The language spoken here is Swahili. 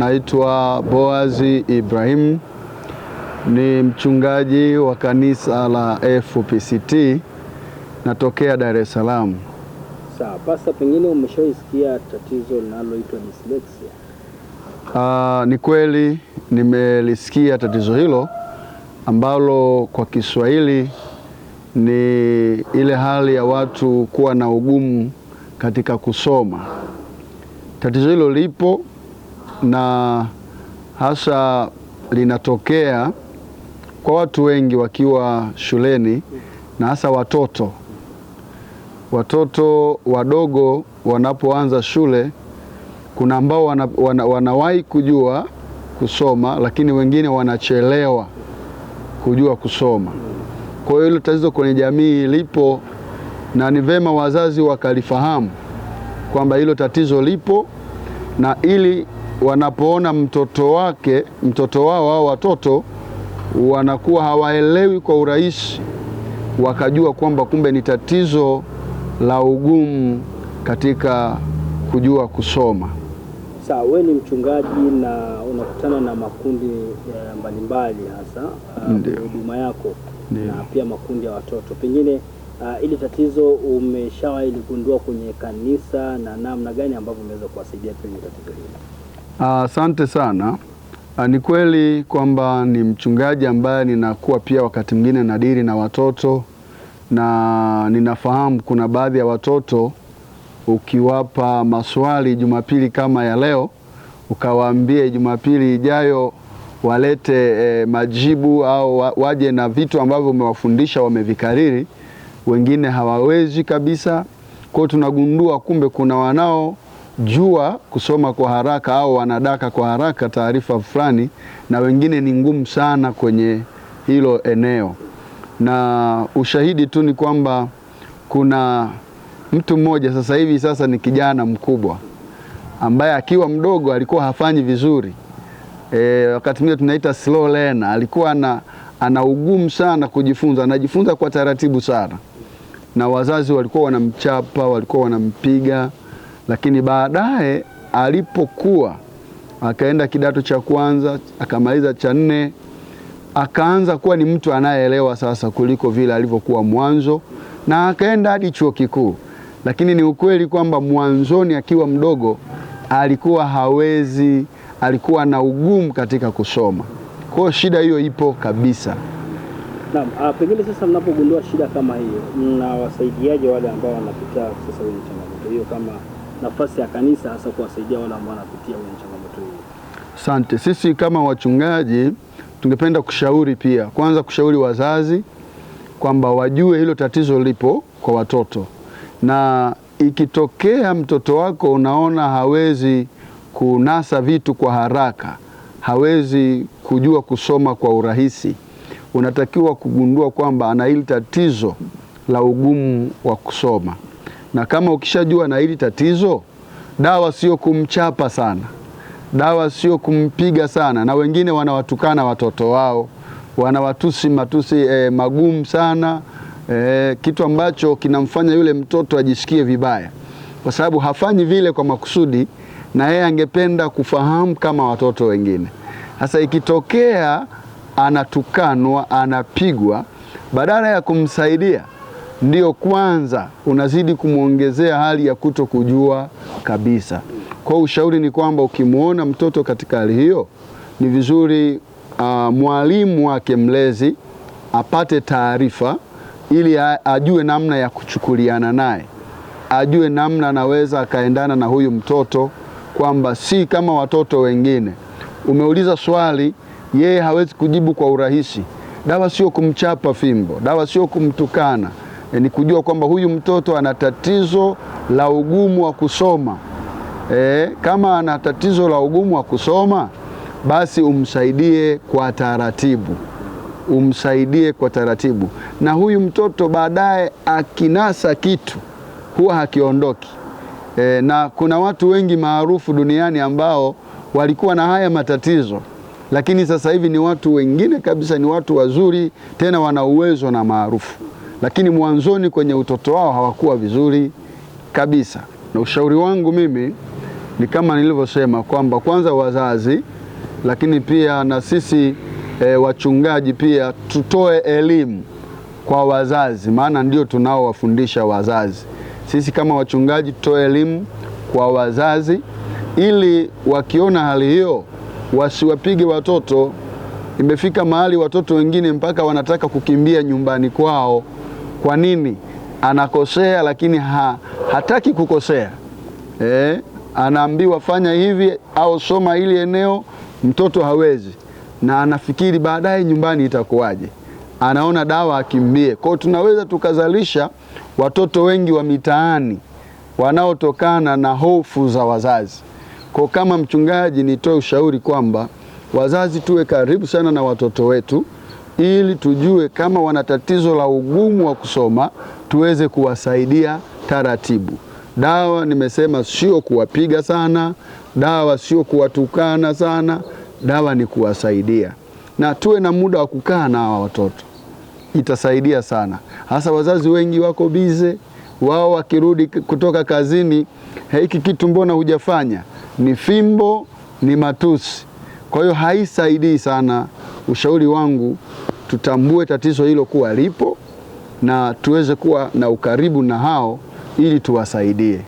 Naitwa Boazi Ibrahim ni mchungaji wa kanisa la FPCT natokea Dar es Salaam. Sawa, pasta, pengine umeshaisikia tatizo linaloitwa dyslexia? Aa, ah, ni kweli nimelisikia tatizo hilo ambalo kwa Kiswahili ni ile hali ya watu kuwa na ugumu katika kusoma. Tatizo hilo lipo na hasa linatokea kwa watu wengi wakiwa shuleni na hasa watoto watoto wadogo wanapoanza shule. Kuna ambao wana, wana, wanawahi kujua kusoma, lakini wengine wanachelewa kujua kusoma. Kwa hiyo hilo tatizo kwenye jamii lipo, na ni vema wazazi wakalifahamu kwamba hilo tatizo lipo na ili wanapoona mtoto wake mtoto wao au watoto wanakuwa hawaelewi kwa urahisi, wakajua kwamba kumbe ni tatizo la ugumu katika kujua kusoma. Sawa, wewe ni mchungaji na unakutana na makundi eh, mbalimbali hasa eh, huduma uh, yako Ndiyo. na pia makundi ya watoto pengine Uh, ili tatizo umeshawahi ligundua kwenye kanisa na namna gani ambavyo umeweza kuwasaidia kwenye tatizo hili? Asante sana uh, ni kweli kwamba ni mchungaji ambaye ninakuwa pia wakati mwingine nadiri na watoto na ninafahamu kuna baadhi ya watoto ukiwapa maswali Jumapili kama ya leo, ukawaambie Jumapili ijayo walete e, majibu au waje na vitu ambavyo umewafundisha wamevikariri, wengine hawawezi kabisa. Kwa hiyo tunagundua kumbe kuna wanao wanajua kusoma kwa haraka au wanadaka kwa haraka taarifa fulani, na wengine ni ngumu sana kwenye hilo eneo. Na ushahidi tu ni kwamba kuna mtu mmoja sasa hivi, sasa ni kijana mkubwa ambaye akiwa mdogo alikuwa hafanyi vizuri e, wakati mwingine tunaita slow learner. Alikuwa ana, ana ugumu sana kujifunza, anajifunza kwa taratibu sana, na wazazi walikuwa wanamchapa, walikuwa wanampiga lakini baadaye alipokuwa akaenda kidato cha kwanza akamaliza cha nne, akaanza kuwa ni mtu anayeelewa sasa kuliko vile alivyokuwa mwanzo, na akaenda hadi chuo kikuu. Lakini ni ukweli kwamba mwanzoni akiwa mdogo alikuwa hawezi, alikuwa na ugumu katika kusoma. Kwa hiyo shida hiyo ipo kabisa. Naam, ah, pengine sasa mnapogundua shida kama hiyo mnawasaidiaje wale ambao wanapita sasa kwenye changamoto hiyo kama nafasi ya kanisa hasa kuwasaidia wale ambao wanapitia kwenye changamoto hii. Asante. Sisi kama wachungaji tungependa kushauri pia, kwanza kushauri wazazi kwamba wajue hilo tatizo lipo kwa watoto, na ikitokea mtoto wako unaona hawezi kunasa vitu kwa haraka, hawezi kujua kusoma kwa urahisi, unatakiwa kugundua kwamba ana hili tatizo la ugumu wa kusoma na kama ukishajua na hili tatizo, dawa sio kumchapa sana, dawa sio kumpiga sana. Na wengine wanawatukana watoto wao, wanawatusi matusi eh, magumu sana eh, kitu ambacho kinamfanya yule mtoto ajisikie vibaya, kwa sababu hafanyi vile kwa makusudi, na yeye angependa kufahamu kama watoto wengine. Sasa ikitokea anatukanwa, anapigwa, badala ya kumsaidia ndio kwanza unazidi kumwongezea hali ya kuto kujua kabisa. Kwa ushauri ni kwamba ukimwona mtoto katika hali hiyo, ni vizuri uh, mwalimu wake mlezi apate taarifa ili ajue namna ya kuchukuliana naye, ajue namna anaweza akaendana na huyu mtoto, kwamba si kama watoto wengine. Umeuliza swali, yeye hawezi kujibu kwa urahisi. Dawa sio kumchapa fimbo, dawa sio kumtukana e, ni kujua kwamba huyu mtoto ana tatizo la ugumu wa kusoma e, kama ana tatizo la ugumu wa kusoma basi umsaidie kwa taratibu, umsaidie kwa taratibu. Na huyu mtoto baadaye akinasa kitu huwa hakiondoki e, na kuna watu wengi maarufu duniani ambao walikuwa na haya matatizo lakini sasa hivi ni watu wengine kabisa, ni watu wazuri tena, wana uwezo na maarufu lakini mwanzoni kwenye utoto wao hawakuwa vizuri kabisa. Na ushauri wangu mimi ni kama nilivyosema kwamba kwanza wazazi, lakini pia na sisi e, wachungaji pia tutoe elimu kwa wazazi, maana ndio tunaowafundisha wazazi. Sisi kama wachungaji tutoe elimu kwa wazazi ili wakiona hali hiyo wasiwapige watoto. Imefika mahali watoto wengine mpaka wanataka kukimbia nyumbani kwao. Kwa nini anakosea lakini ha, hataki kukosea eh? Anaambiwa fanya hivi au soma hili eneo, mtoto hawezi, na anafikiri baadaye nyumbani itakuwaje, anaona dawa akimbie kwao. Tunaweza tukazalisha watoto wengi wa mitaani wanaotokana na hofu za wazazi. Kwa kama mchungaji, nitoe ushauri kwamba wazazi tuwe karibu sana na watoto wetu ili tujue kama wana tatizo la ugumu wa kusoma tuweze kuwasaidia taratibu. Dawa nimesema sio kuwapiga sana, dawa sio kuwatukana sana, dawa ni kuwasaidia, na tuwe na muda wa kukaa na hawa watoto, itasaidia sana, hasa wazazi wengi wako bize wao wakirudi kutoka kazini, hiki kitu mbona hujafanya? Ni fimbo, ni matusi. Kwa hiyo haisaidii sana ushauri wangu tutambue tatizo hilo kuwa lipo na tuweze kuwa na ukaribu na hao ili tuwasaidie.